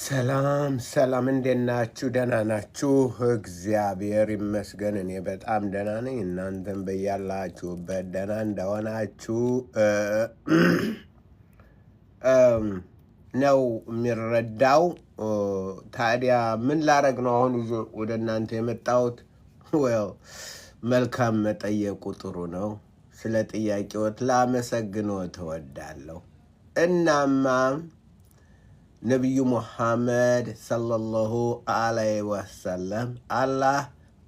ሰላም ሰላም፣ እንዴት ናችሁ? ደህና ናችሁ? እግዚአብሔር ይመስገን፣ እኔ በጣም ደህና ነኝ። እናንተም በያላችሁበት ደህና እንደሆናችሁ ነው የሚረዳው። ታዲያ ምን ላረግ ነው አሁን ወደ እናንተ የመጣሁት? መልካም መጠየቁ ጥሩ ነው። ስለ ጥያቄዎት ላመሰግኖ ተወዳለሁ። እናማ ነቢዩ ሙሐመድ ሰለላሁ አለይ ወሰለም አላህ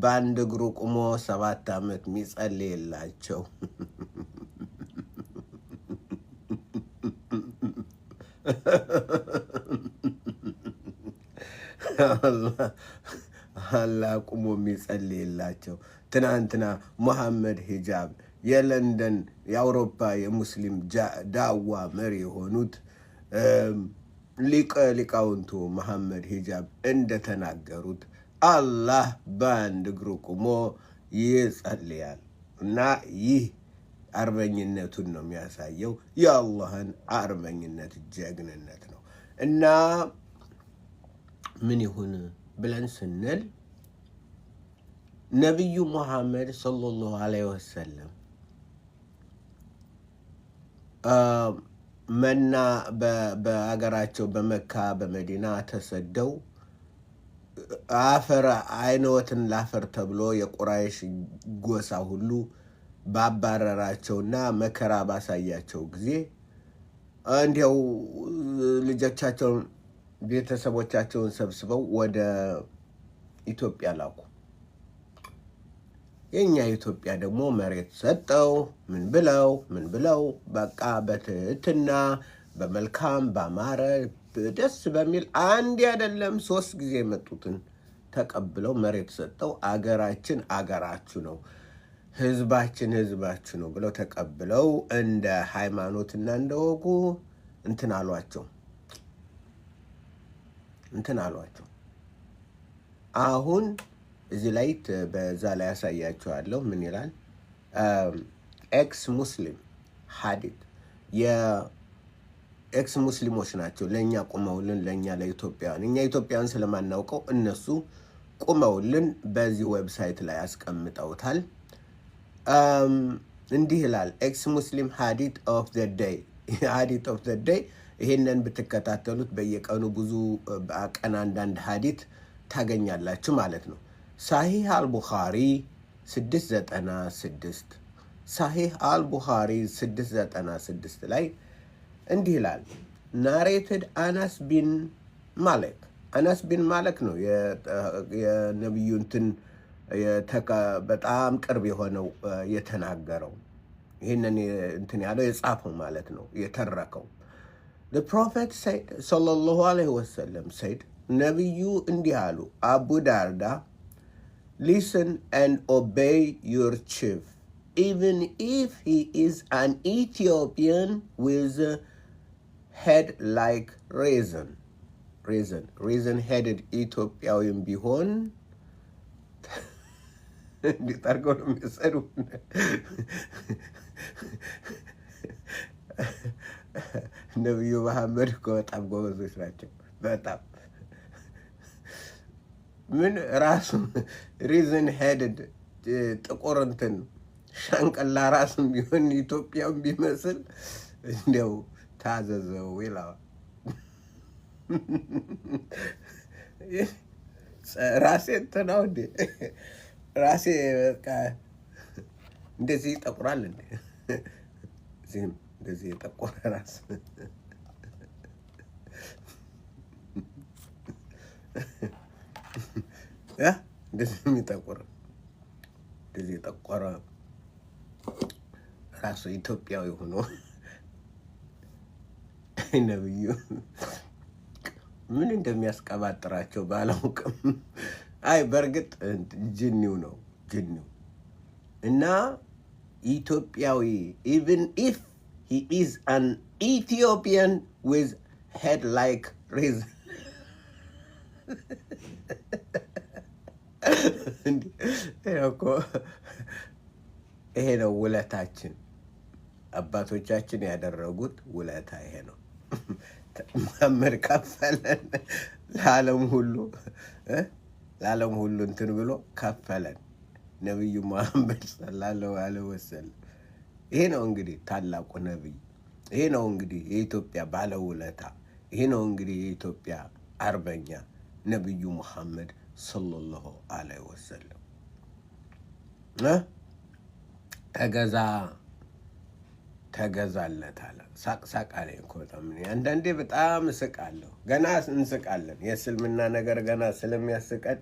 በአንድ እግሩ ቁሞ ሰባት ዓመት የሚጸልይ አላህ ቁሞ የሚጸልይ ትናንትና ሙሐመድ ሂጃብ የለንደን የአውሮፓ የሙስሊም ዳዋ መሪ የሆኑት ሊቀ ሊቃውንቱ መሐመድ ሂጃብ እንደተናገሩት አላህ በአንድ እግሩ ቁሞ ይጸልያል እና ይህ አርበኝነቱን ነው የሚያሳየው። የአላህን አርበኝነት ጀግንነት ነው እና ምን ይሁን ብለን ስንል ነቢዩ ሙሐመድ ሰለላሁ አለይሂ ወሰለም መና በሀገራቸው በመካ በመዲና ተሰደው አፈር አይነወትን ላፈር ተብሎ የቁራይሽ ጎሳ ሁሉ ባባረራቸውና መከራ ባሳያቸው ጊዜ እንዲያው ልጆቻቸውን ቤተሰቦቻቸውን ሰብስበው ወደ ኢትዮጵያ ላኩ። የእኛ ኢትዮጵያ ደግሞ መሬት ሰጠው። ምን ብለው ምን ብለው በቃ በትህትና በመልካም በማረ ደስ በሚል አንድ አይደለም ሶስት ጊዜ የመጡትን ተቀብለው መሬት ሰጠው። አገራችን አገራችሁ ነው፣ ህዝባችን ህዝባችሁ ነው ብለው ተቀብለው እንደ ሃይማኖትና እንደ ወጉ እንትን አሏቸው እንትን አሏቸው አሁን እዚህ ላይ በዛ ላይ ያሳያቸዋለሁ። ምን ይላል? ኤክስ ሙስሊም ሀዲት የኤክስ ሙስሊሞች ናቸው ለእኛ ቁመውልን፣ ለእኛ ለኢትዮጵያውያን እኛ ኢትዮጵያውያን ስለማናውቀው እነሱ ቁመውልን በዚህ ዌብሳይት ላይ አስቀምጠውታል። እንዲህ ይላል ኤክስ ሙስሊም ሀዲት ኦፍ ዘ ደይ ሀዲት ኦፍ ዘ ደይ። ይሄንን ብትከታተሉት በየቀኑ ብዙ ቀን አንዳንድ ሀዲት ታገኛላችሁ ማለት ነው። ሳሂህ አልቡኻሪ 696 ሳሂህ አልቡኻሪ 696 ላይ እንዲህ ይላል። ናሬትድ አናስ ቢን ማለክ አናስ ቢን ማለክ ነው የነቢዩንትን በጣም ቅርብ የሆነው የተናገረው ይህንን እንትን ያለው የጻፈው ማለት ነው የተረከው። ፕሮፌት ሰለላሁ አለይሂ ወሰለም ሰይድ ነቢዩ እንዲህ አሉ አቡ ዳርዳ Listen and obey your chief, even if he is an Ethiopian with head like raisin. Raisin, raisin headed Ethiopian bihon. ነቢዩ መሐመድ እኮ በጣም ጎበዞች ናቸው። በጣም ምን ራሱ ሪዝን ሄድድ ጥቁር እንትን ሻንቀላ ራስም ቢሆን ኢትዮጵያም ቢመስል እንዲያው ታዘዘው ይለዋል። ራሴ እንትናው እንዴ ራሴ በቃ እንደዚህ ይጠቁራል እንዴ? እዚህም እንደዚህ የጠቆረ ራስ እንደዚህ የሚጠቁር እንደዚህ የጠቆረ ራሱ ኢትዮጵያዊ ሆኖ ነብዩ ምን እንደሚያስቀባጥራቸው ባላውቅም፣ አይ በእርግጥ ጅኒው ነው ጅኒው እና ኢትዮጵያዊ ኢቭን ኢፍ ሂ ኢዝ አን ኢትዮጵያን ዊዝ ሄድ ላይክ ሪዝ እኮ ይሄ ነው ውለታችን። አባቶቻችን ያደረጉት ውለታ ይሄ ነው። መሐመድ ከፈለን ለዓለም ሁሉ ለዓለም ሁሉ እንትን ብሎ ከፈለን ነቢዩ መሐመድ ሰለላሁ ዐለይሂ ወሰለም። ይሄ ነው እንግዲህ ታላቁ ነቢይ። ይሄ ነው እንግዲህ የኢትዮጵያ ባለውለታ። ይሄ ነው እንግዲህ የኢትዮጵያ አርበኛ ነቢዩ መሐመድ ሰለላሁ አለይሂ ወሰለም ተገዛ ተገዛለት አለ። ሳቅሳቅ አለኝ እኮ በጣም አንዳንዴ በጣም እስቃለሁ። ገና እንስቃለን። የእስልምና ነገር ገና ስለሚያስቀን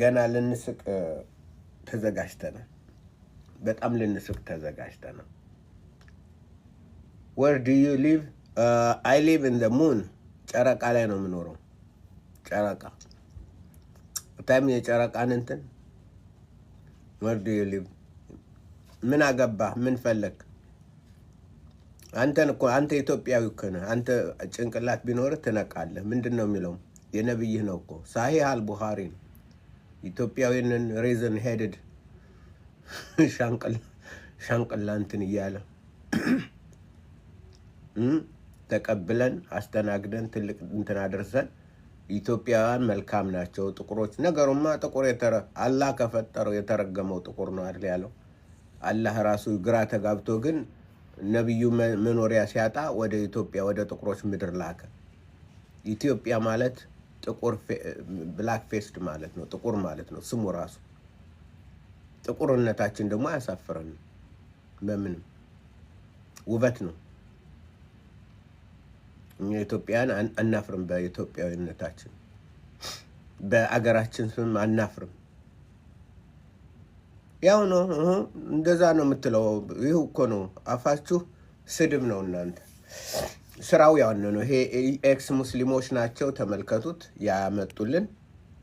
ገና ልንስቅ ተዘጋጅተናል። በጣም ልንስቅ ተዘጋጅተናል። ወር ዱ ዩ ሊቭ አይ ሊቭ ኢን ዘ ሙን ጨረቃ ላይ ነው የምኖረው። ጨረቃ አታይም? የጨረቃን እንትን ወርዱ ይልብ ምን አገባ ምን ፈለግ? አንተን እኮ አንተ ኢትዮጵያዊ እኮ ነህ። አንተ ጭንቅላት ቢኖርህ ትነቃለህ። ምንድን ነው የሚለው የነብይህ ነው እኮ ሳሂህ አልቡኻሪ ነው። ኢትዮጵያዊንን ሬዝን ሄድድ ሻንቅላ እንትን እያለ ተቀብለን አስተናግደን ትልቅ እንትን አድርሰን ኢትዮጵያውያን መልካም ናቸው ጥቁሮች። ነገሩማ ጥቁር አላህ ከፈጠረው የተረገመው ጥቁር ነው አይደል ያለው። አላህ ራሱ ግራ ተጋብቶ ግን ነቢዩ መኖሪያ ሲያጣ ወደ ኢትዮጵያ ወደ ጥቁሮች ምድር ላከ። ኢትዮጵያ ማለት ጥቁር ብላክ ፌስድ ማለት ነው፣ ጥቁር ማለት ነው ስሙ ራሱ። ጥቁርነታችን ደግሞ አያሳፍረንም በምንም ውበት ነው። ኢትዮጵያን አናፍርም። በኢትዮጵያዊነታችን በአገራችን ስም አናፍርም። ያው ነው እንደዛ ነው የምትለው። ይህ እኮ ነው አፋችሁ ስድብ ነው። እናንተ ስራው ያን ነው። ይሄ ኤክስ ሙስሊሞች ናቸው ተመልከቱት፣ ያመጡልን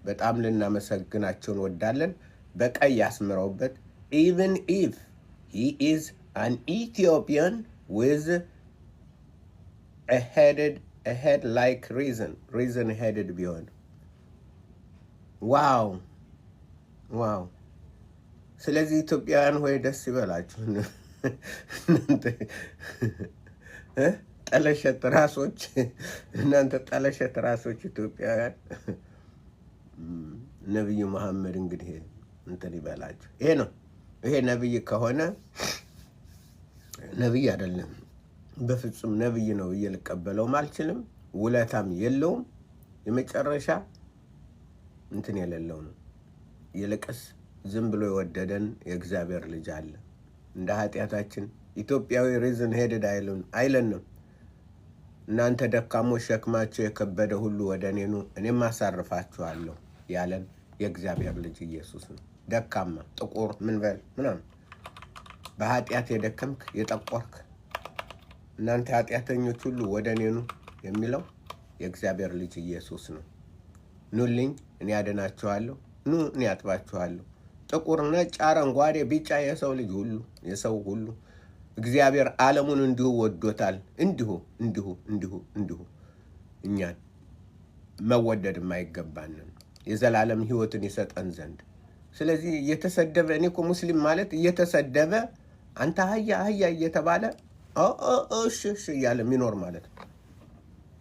በጣም ልናመሰግናቸው እንወዳለን። በቀይ ያስምረውበት ኢቭን ኢፍ ሂ ኢዝ አን ኢትዮጵያን ዊዝ a headed a head like reason reason headed beyond ዋው ዋው ስለዚህ ኢትዮጵያውያን ሆይ ደስ ይበላችሁ እናንተ ጠለሸት ራሶች እናንተ ጠለሸት ራሶች ኢትዮጵያውያን ነቢዩ መሐመድ እንግዲህ እንትን ይበላችሁ ይሄ ነው ይሄ ነቢይ ከሆነ ነቢይ አይደለም በፍጹም ነብይ ነው ብዬ ልቀበለውም አልችልም። ውለታም የለውም። የመጨረሻ እንትን የሌለው ነው። ይልቅስ ዝም ብሎ የወደደን የእግዚአብሔር ልጅ አለ። እንደ ኃጢአታችን ኢትዮጵያዊ ሪዝን ሄድድ አይለንም። እናንተ ደካሞች ሸክማቸው የከበደ ሁሉ ወደ እኔ ኑ እኔም አሳርፋችኋለሁ ያለን የእግዚአብሔር ልጅ ኢየሱስ ነው። ደካማ ጥቁር ምንበል ምናምን በኃጢአት የደከምክ የጠቆርክ እናንተ ኃጢአተኞች ሁሉ ወደ እኔ ኑ የሚለው የእግዚአብሔር ልጅ ኢየሱስ ነው። ኑልኝ፣ እኔ ያድናችኋለሁ። ኑ፣ እኔ ያጥባችኋለሁ። ጥቁር፣ ነጭ፣ አረንጓዴ፣ ቢጫ የሰው ልጅ ሁሉ የሰው ሁሉ እግዚአብሔር ዓለሙን እንዲሁ ወዶታል። እንዲሁ እንዲሁ እንዲሁ እንዲሁ እኛን መወደድ የማይገባንን የዘላለም ሕይወትን ይሰጠን ዘንድ ስለዚህ እየተሰደበ እኔ እኮ ሙስሊም ማለት እየተሰደበ አንተ አህያ አህያ እየተባለ እሺ እሺ እያለ የሚኖር ማለት ነው።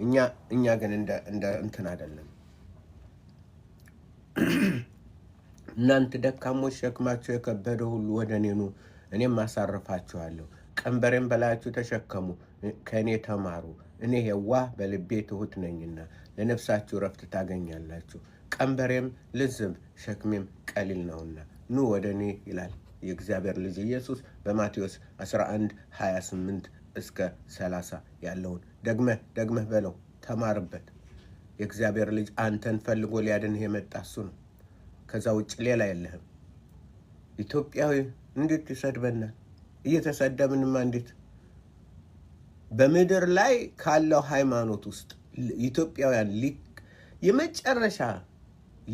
እኛ እኛ ግን እንደ እንትን አይደለም። እናንተ ደካሞች ሸክማቸው የከበደ ሁሉ ወደ እኔ ኑ፣ እኔም አሳርፋችኋለሁ። ቀንበሬን በላያችሁ ተሸከሙ፣ ከእኔ ተማሩ፣ እኔ የዋህ በልቤ ትሁት ነኝና ለነፍሳችሁ ረፍት ታገኛላችሁ። ቀንበሬም ልዝብ ሸክሜም ቀሊል ነውና ኑ ወደ እኔ ይላል። የእግዚአብሔር ልጅ ኢየሱስ በማቴዎስ 11 28 እስከ 30 ያለውን ደግመህ ደግመህ በለው፣ ተማርበት። የእግዚአብሔር ልጅ አንተን ፈልጎ ሊያድንህ የመጣ እሱ ነው። ከዛ ውጭ ሌላ የለህም። ኢትዮጵያዊ እንዴት ይሰድበናል? እየተሰደብንማ እንዴት በምድር ላይ ካለው ሃይማኖት ውስጥ ኢትዮጵያውያን የመጨረሻ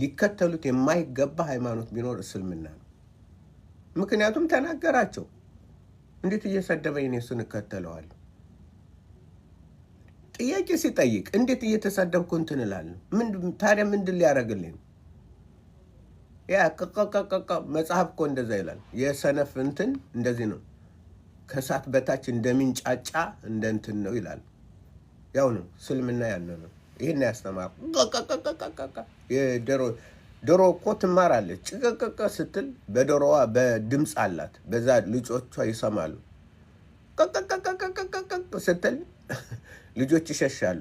ሊከተሉት የማይገባ ሃይማኖት ቢኖር እስልምና ነው። ምክንያቱም ተናገራቸው። እንዴት እየሰደበኝ እኔ እሱን እከተለዋለሁ? ጥያቄ ሲጠይቅ እንዴት እየተሰደብኩ እንትን እላለሁ? ታዲያ ምንድን ሊያደርግልኝ ያ ቀቀቀቀቀ መጽሐፍ እኮ እንደዛ ይላል። የሰነፍ እንትን እንደዚህ ነው፣ ከእሳት በታች እንደሚንጫጫ እንደ እንትን ነው ይላል። ያው ነው ስልምና ያለ ነው። ይህን ያስተማር የደሮ ዶሮ እኮ ትማራለች። ጭቅቅቅ ስትል በዶሮዋ በድምፅ አላት። በዛ ልጆቿ ይሰማሉ። ቅቅቅቅቅቅቅ ስትል ልጆች ይሸሻሉ።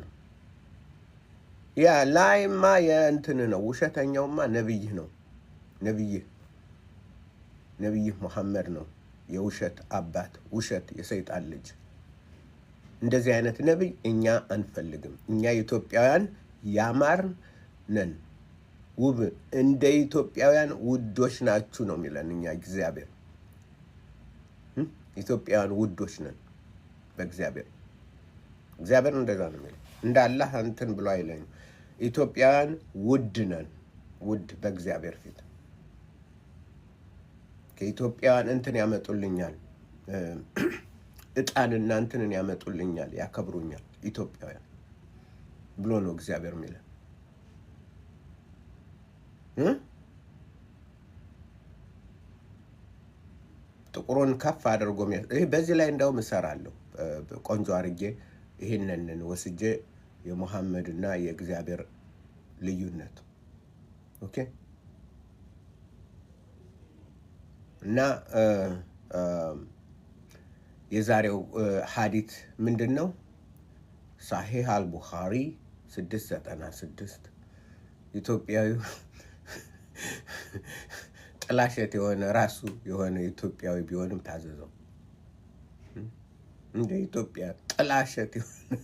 ያ ላይማ የእንትን ነው። ውሸተኛውማ ነብይህ ነው። ነብይህ ነብይህ መሐመድ ነው። የውሸት አባት፣ ውሸት የሰይጣን ልጅ። እንደዚህ አይነት ነብይ እኛ አንፈልግም። እኛ ኢትዮጵያውያን ያማርን ነን። ውብ እንደ ኢትዮጵያውያን ውዶች ናችሁ ነው የሚለን። እኛ እግዚአብሔር ኢትዮጵያውያን ውዶች ነን በእግዚአብሔር። እግዚአብሔር እንደዛ ነው የሚለን። እንደ አላህ እንትን ብሎ አይለኝም። ኢትዮጵያውያን ውድ ነን፣ ውድ በእግዚአብሔር ፊት ከኢትዮጵያውያን እንትን ያመጡልኛል፣ እጣንና እንትንን ያመጡልኛል፣ ያከብሩኛል ኢትዮጵያውያን ብሎ ነው እግዚአብሔር የሚለን። ጥቁሩን ከፍ አድርጎ ይህ በዚህ ላይ እንደውም እሰራለሁ ቆንጆ አድርጌ ይህንን ወስጄ የሙሐመድና የእግዚአብሔር ልዩነት ኦኬ እና የዛሬው ሀዲት ምንድን ነው? ሳሂህ አልቡኻሪ 696 ኢትዮጵያዊ ጥላሸት የሆነ ራሱ የሆነ ኢትዮጵያዊ ቢሆንም ታዘዘው እንደ ኢትዮጵያ ጥላሸት የሆነ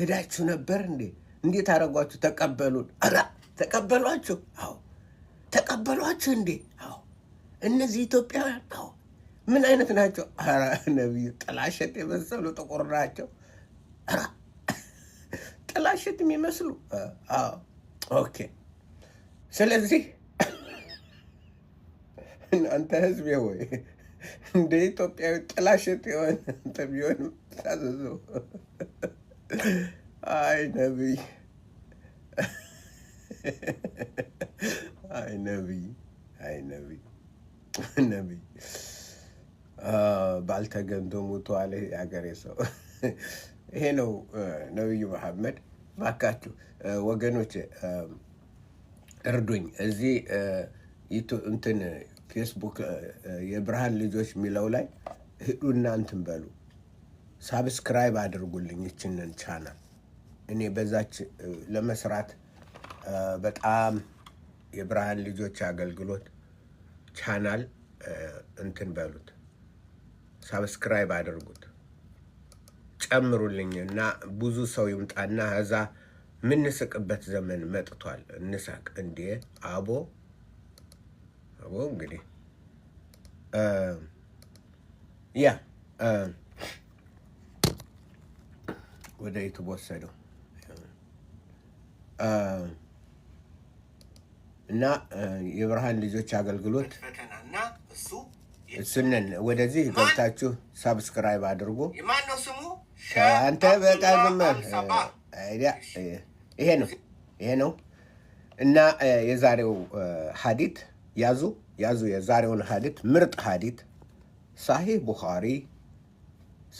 ሄዳችሁ ነበር እንዴ? እንዴት አደረጓችሁ? ተቀበሉን? ኧረ ተቀበሏችሁ? አዎ ተቀበሏችሁ እንዴ? አዎ እነዚህ ኢትዮጵያውያን አዎ ምን አይነት ናቸው? ኧረ ነቢዩ ጥላሸት የመሰሉ ጥቁር ናቸው። ኧረ ጥላሸት የሚመስሉ ኦኬ ስለዚህ እናንተ ህዝቤ ወይ እንደ ኢትዮጵያዊ ጥላሸት የሆነ እንትን ቢሆን ታዘዙ። አይ ነቢይ፣ አይ ነቢይ፣ አይ ነቢይ፣ ነቢይ ባልተገንቶ ሙቶ አለ የሀገሬ ሰው። ይሄ ነው ነቢዩ መሐመድ። ባካችሁ ወገኖቼ እርዱኝ እዚህ እንትን ፌስቡክ የብርሃን ልጆች የሚለው ላይ ሂዱና እንትን በሉ ሳብስክራይብ አድርጉልኝ ይችንን ቻናል እኔ በዛች ለመስራት በጣም የብርሃን ልጆች አገልግሎት ቻናል እንትን በሉት ሳብስክራይብ አድርጉት ጨምሩልኝ እና ብዙ ሰው ይምጣና እዛ የምንስቅበት ዘመን መጥቷል። እንሳቅ እንዴ! አቦ አቦ እንግዲህ ያ ወደ ዩቱብ ወሰደው እና የብርሃን ልጆች አገልግሎት እሱንን ወደዚህ ገብታችሁ ሳብስክራይብ አድርጉ። አንተ በቃ ዝም ይሄ ነው ይሄ ነው እና የዛሬው ሀዲት ያዙ ያዙ። የዛሬውን ሀዲት ምርጥ ሀዲት ሳሂህ ቡኻሪ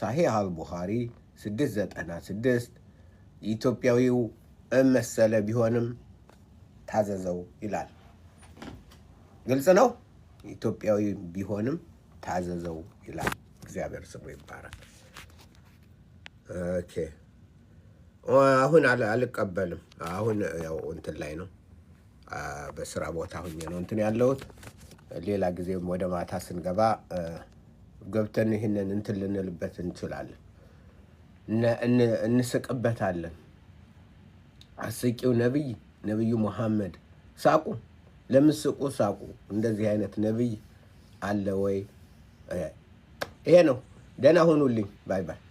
ሳሂህ ቡኻሪ 696 ኢትዮጵያዊው መሰለ ቢሆንም ታዘዘው ይላል። ግልጽ ነው። ኢትዮጵያዊ ቢሆንም ታዘዘው ይላል። እግዚአብሔር ስሙ ይባረክ። ኦኬ አሁን አልቀበልም። አሁን ያው እንትን ላይ ነው በስራ ቦታ ሁኜ ነው እንትን ያለሁት። ሌላ ጊዜም ወደ ማታ ስንገባ ገብተን ይህንን እንትን ልንልበት እንችላለን፣ እንስቅበታለን። አስቂው ነቢይ ነቢዩ መሐመድ ሳቁ፣ ለምስቁ ሳቁ። እንደዚህ አይነት ነቢይ አለ ወይ? ይሄ ነው። ደህና ሁኑልኝ። ባይ ባይ።